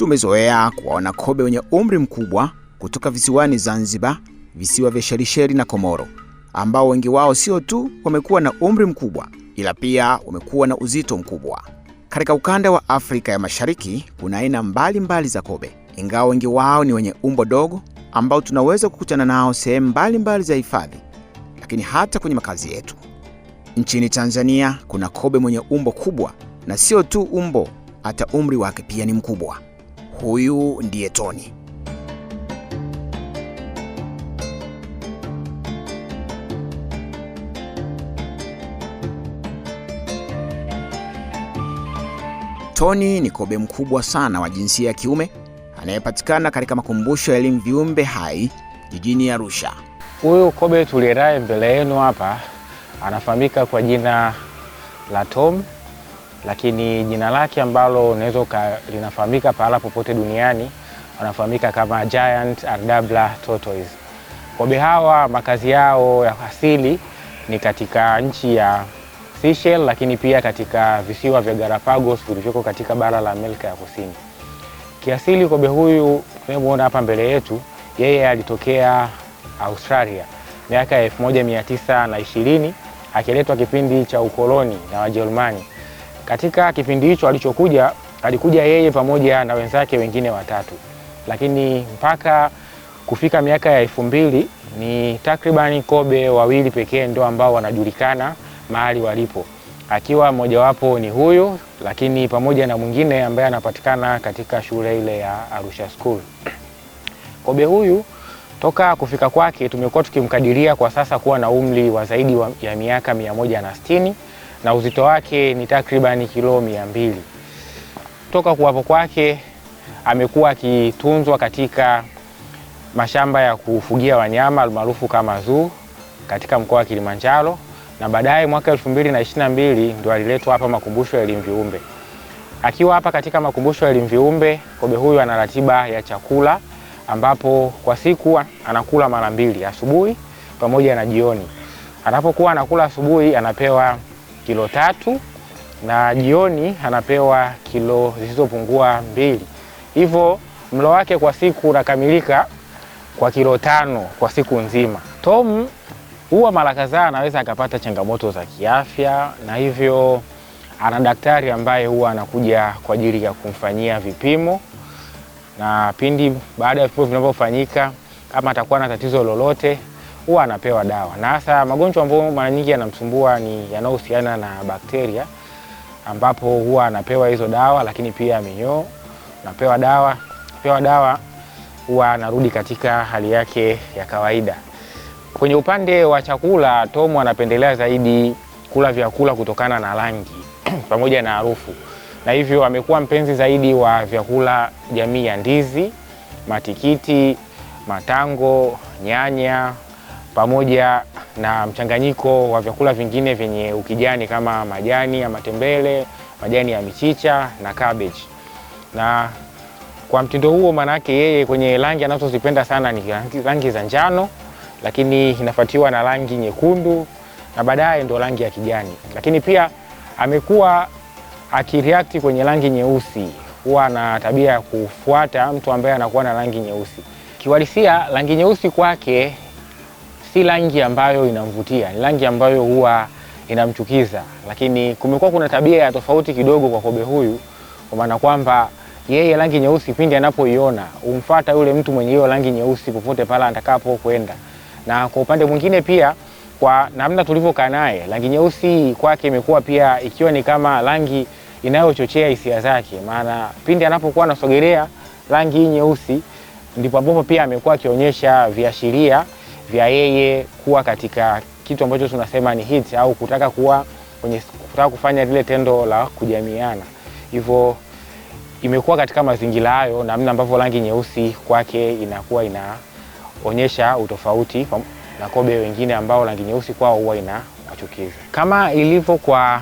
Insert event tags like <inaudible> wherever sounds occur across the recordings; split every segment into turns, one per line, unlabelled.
Tumezoea kuwaona kobe wenye umri mkubwa kutoka visiwani Zanzibar, visiwa vya Shelisheli na Komoro, ambao wengi wao sio tu wamekuwa na umri mkubwa, ila pia wamekuwa na uzito mkubwa. Katika ukanda wa Afrika ya Mashariki kuna aina mbalimbali za kobe, ingawa wengi wao ni wenye umbo dogo ambao tunaweza kukutana nao sehemu mbalimbali za hifadhi, lakini hata kwenye makazi yetu. Nchini Tanzania kuna kobe mwenye umbo kubwa, na sio tu umbo, hata umri wake pia ni mkubwa. Huyu ndiye Tony. Tony ni kobe mkubwa sana wa jinsia ya kiume anayepatikana katika makumbusho ya elimu viumbe hai jijini Arusha. Huyu kobe tuliye naye mbele yenu hapa anafahamika kwa jina la Tom lakini jina lake ambalo unaweza linafahamika pahala popote duniani wanafahamika kama giant Ardabla tortoise. Kobe hawa makazi yao ya asili ni katika nchi ya Seychelles, lakini pia katika visiwa vya Galapagos vilivyoko katika bara la Amerika ya Kusini. Kiasili kobe huyu tunayemwona hapa mbele yetu, yeye alitokea Australia miaka ya 1920 akiletwa kipindi cha ukoloni na Wajerumani katika kipindi hicho alichokuja, alikuja yeye pamoja na wenzake wengine watatu, lakini mpaka kufika miaka ya elfu mbili ni takribani kobe wawili pekee ndio ambao wanajulikana mahali walipo, akiwa mmojawapo ni huyu, lakini pamoja na mwingine ambaye anapatikana katika shule ile ya Arusha School. Kobe huyu toka kufika kwake tumekuwa tukimkadiria kwa sasa kuwa na umri wa zaidi ya miaka mia moja na sitini na uzito wake ni takribani kilo mia mbili. Toka kuwapo kwake amekuwa akitunzwa katika mashamba ya kufugia wanyama almaarufu kama zoo katika mkoa wa Kilimanjaro na baadaye mwaka 2022 ndio aliletwa hapa makumbusho ya Elimviumbe. Akiwa hapa katika makumbusho ya Elimviumbe, kobe huyu ana ratiba ya chakula ambapo kwa siku anakula mara mbili, asubuhi pamoja na jioni. Anapokuwa anakula asubuhi, anapewa kilo tatu na jioni anapewa kilo zisizopungua mbili. Hivyo mlo wake kwa siku unakamilika kwa kilo tano kwa siku nzima. Tom huwa mara kadhaa anaweza akapata changamoto za kiafya, na hivyo ana daktari ambaye huwa anakuja kwa ajili ya kumfanyia vipimo, na pindi baada ya vipimo vinavyofanyika, kama atakuwa na tatizo lolote huwa anapewa dawa, na hasa magonjwa ambayo mara nyingi yanamsumbua ni yanayohusiana na bakteria, ambapo huwa anapewa hizo dawa, lakini pia minyoo napewa dawa. Pewa dawa huwa anarudi katika hali yake ya kawaida. Kwenye upande wa chakula, Tomu anapendelea zaidi kula vyakula kutokana na rangi <clears throat> pamoja na harufu, na hivyo amekuwa mpenzi zaidi wa vyakula jamii ya ndizi, matikiti, matango, nyanya pamoja na mchanganyiko wa vyakula vingine vyenye ukijani kama majani ya matembele, majani ya michicha na cabbage. Na kwa mtindo huo, maana yake yeye kwenye rangi anazozipenda sana ni rangi za njano, lakini inafuatiwa na rangi nyekundu na baadaye ndo rangi ya kijani. Lakini pia amekuwa akireact kwenye rangi nyeusi, huwa na tabia ya kufuata mtu ambaye anakuwa na rangi nyeusi. Kiwalisia, rangi nyeusi kwake si rangi ambayo inamvutia, ni rangi ambayo huwa inamchukiza, lakini kumekuwa kuna tabia ya tofauti kidogo kwa kobe huyu, kwa maana kwamba yeye rangi nyeusi pindi anapoiona humfuata yule mtu mwenye hiyo rangi nyeusi popote pale atakapo kwenda, na kwa upande mwingine pia kwa namna tulivyokaa naye, rangi nyeusi kwake imekuwa pia ikiwa ni kama rangi inayochochea hisia zake, maana pindi anapokuwa anasogelea rangi hii nyeusi ndipo ambapo pia amekuwa akionyesha viashiria vya yeye kuwa katika kitu ambacho tunasema ni hit au kutaka kuwa kwenye kutaka kufanya lile tendo la kujamiana. Hivyo imekuwa katika mazingira hayo, namna ambavyo rangi nyeusi kwake inakuwa inaonyesha utofauti na kobe wengine ambao rangi nyeusi kwao huwa inawachukiza, kama ilivyo kwa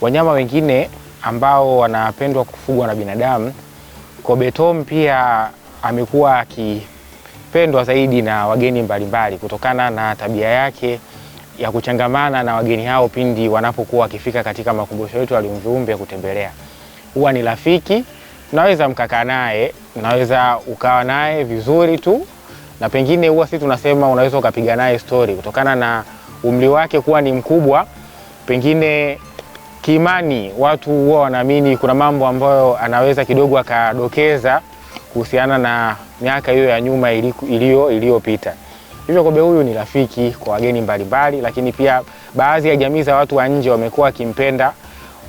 wanyama wengine ambao wanapendwa kufugwa na binadamu. Kobe Tom pia amekuwa aki kupendwa zaidi na wageni mbalimbali kutokana na tabia yake ya kuchangamana na wageni hao pindi wanapokuwa wakifika katika makumbusho yetu ya kutembelea. Huwa ni rafiki, naweza mkakaa naye, naweza ukawa naye vizuri tu, na pengine huwa sisi tunasema unaweza ukapiga naye stori kutokana na umri wake kuwa ni mkubwa. Pengine kiimani, watu huwa wanaamini kuna mambo ambayo anaweza kidogo akadokeza kuhusiana na miaka hiyo ya nyuma iliyo iliyopita. Hivyo kobe huyu ni rafiki kwa wageni mbalimbali, lakini pia baadhi ya jamii za watu wa nje wamekuwa wakimpenda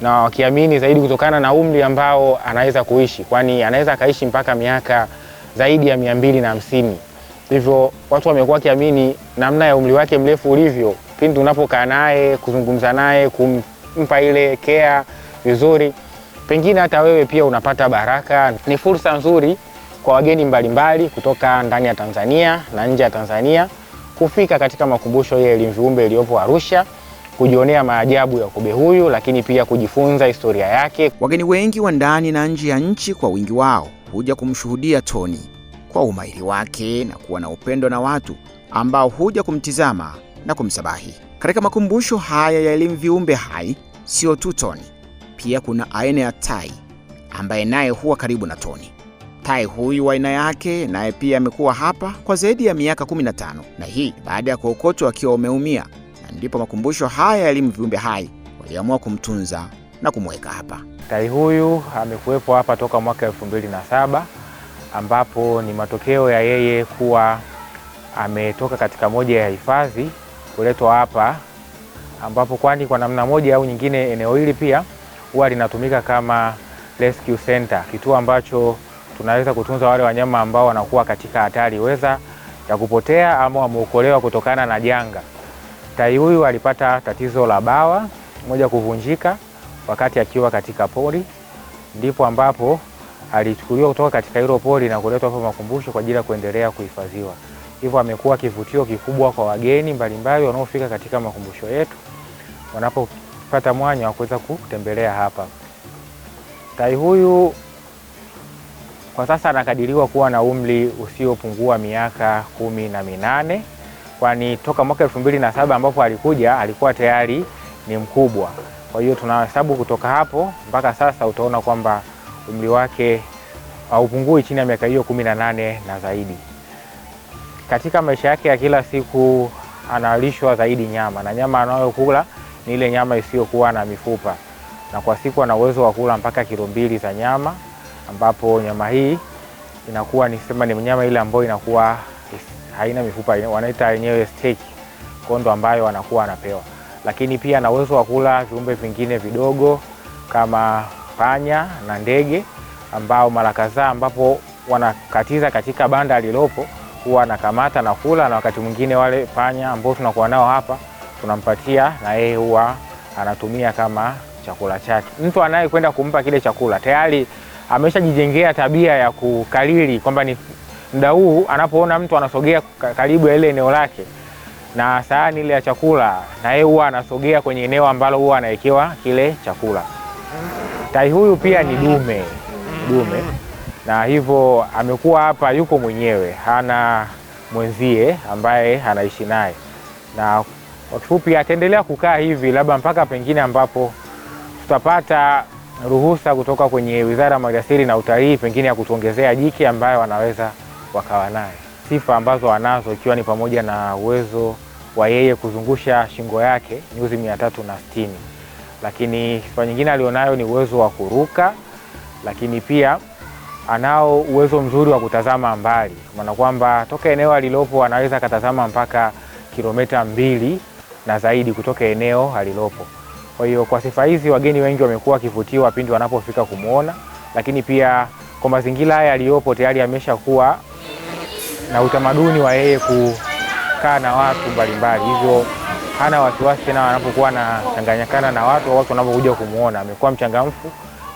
na wakiamini zaidi kutokana na umri ambao anaweza kuishi, kwani anaweza akaishi mpaka miaka zaidi ya mia mbili na hamsini. Hivyo watu wamekuwa wakiamini namna ya umri wake mrefu ulivyo, pindi unapokaa naye, kuzungumza naye, kumpa ile kea vizuri, pengine hata wewe pia unapata baraka. Ni fursa nzuri kwa wageni mbalimbali kutoka ndani ya Tanzania na nje ya Tanzania kufika katika makumbusho ya elimu viumbe iliyopo Arusha kujionea maajabu ya kobe huyu, lakini pia kujifunza historia yake.
Wageni wengi wa ndani na nje ya nchi kwa wingi wao huja kumshuhudia Toni kwa umahiri wake na kuwa na upendo na watu ambao huja kumtizama na kumsabahi. Katika makumbusho haya ya elimu viumbe hai, sio tu Toni, pia kuna aina ya tai ambaye naye huwa karibu na Toni. Tai huyu wa aina yake naye pia amekuwa hapa kwa zaidi ya miaka 15 na hii baada ya kuokotwa akiwa umeumia, na ndipo makumbusho haya ya elimu viumbe hai waliamua kumtunza na kumweka hapa.
Tai huyu amekuwepo hapa toka mwaka elfu mbili na saba ambapo ni matokeo ya yeye kuwa ametoka katika moja ya hifadhi kuletwa hapa, ambapo kwani kwa namna moja au nyingine eneo hili pia huwa linatumika kama rescue center, kituo ambacho tunaweza kutunza wale wanyama ambao wanakuwa katika hatari weza ya kupotea ama wameokolewa kutokana na janga. Tai huyu alipata tatizo la bawa moja kuvunjika wakati akiwa katika pori, ndipo ambapo alichukuliwa kutoka katika hilo pori na kuletwa hapa makumbusho kwa ajili ya kuendelea kuhifadhiwa. Hivyo amekuwa kivutio kikubwa kwa wageni mbalimbali wanaofika katika makumbusho yetu wanapopata mwanya wa kuweza kutembelea hapa. Tai huyu kwa sasa anakadiriwa kuwa na umri usiopungua miaka kumi na minane kwani toka mwaka elfu mbili na saba ambapo alikuja alikuwa tayari ni mkubwa. Kwa hiyo tunahesabu kutoka hapo mpaka sasa, utaona kwamba umri wake haupungui chini ya miaka hiyo kumi na nane na zaidi. Katika maisha yake ya kila siku analishwa zaidi nyama na nyama anayokula ni ile nyama isiyokuwa na mifupa, na kwa siku ana uwezo wa kula mpaka kilo mbili za nyama ambapo nyama hii inakuwa ni sema ni mnyama ile ambayo inakuwa haina mifupa, wanaita yenyewe steak kondo, ambayo wanakuwa anapewa, lakini pia na uwezo wa kula viumbe vingine vidogo kama panya na ndege, ambao mara kadhaa ambapo wanakatiza katika banda lilopo huwa anakamata na kula, na wakati mwingine wale panya ambao tunakuwa nao hapa tunampatia na yeye huwa anatumia kama chakula chake. Mtu anayekwenda kumpa kile chakula tayari ameshajijengea tabia ya kukariri kwamba ni muda huu anapoona mtu anasogea karibu ya ile eneo lake na sahani ile ya chakula, na yeye huwa anasogea kwenye eneo ambalo huwa anawekewa kile chakula. Tai huyu pia ni dume dume, na hivyo amekuwa hapa, yuko mwenyewe, hana mwenzie ambaye anaishi naye, na kwa kifupi ataendelea kukaa hivi labda mpaka pengine ambapo tutapata ruhusa kutoka kwenye Wizara ya Maliasili na Utalii, pengine ya kutuongezea jiki ambayo wanaweza wakawa naye, sifa ambazo wanazo ikiwa ni pamoja na uwezo wa yeye kuzungusha shingo yake nyuzi mia tatu na sitini lakini sifa nyingine alionayo ni uwezo wa kuruka, lakini pia anao uwezo mzuri wa kutazama mbali, maana kwamba toka eneo alilopo anaweza akatazama mpaka kilomita mbili na zaidi kutoka eneo alilopo. Kwa hiyo kwa sifa hizi wageni wengi wamekuwa wakivutiwa pindi wanapofika kumwona, lakini pia kwa mazingira haya yaliyopo tayari ameshakuwa na utamaduni wa yeye kukaa na watu mbalimbali, hivyo hana wasiwasi tena wanapokuwa na na watu au watu wanapokuja kumwona. Amekuwa mchangamfu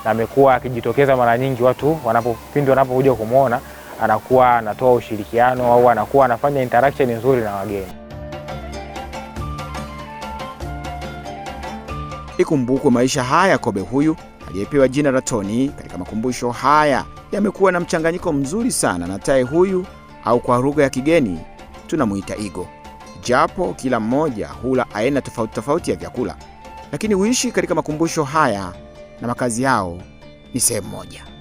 na amekuwa akijitokeza mara nyingi watu wanapopindi wanapokuja kumwona, anakuwa anatoa ushirikiano au anakuwa anafanya interaction nzuri na wageni.
Ikumbukwe maisha haya kobe huyu aliyepewa jina la Tony katika makumbusho haya yamekuwa na mchanganyiko mzuri sana na tai huyu, au kwa lugha ya kigeni tunamwita igo, japo kila mmoja hula aina tofauti tofauti ya vyakula, lakini huishi katika makumbusho haya na makazi yao ni sehemu moja.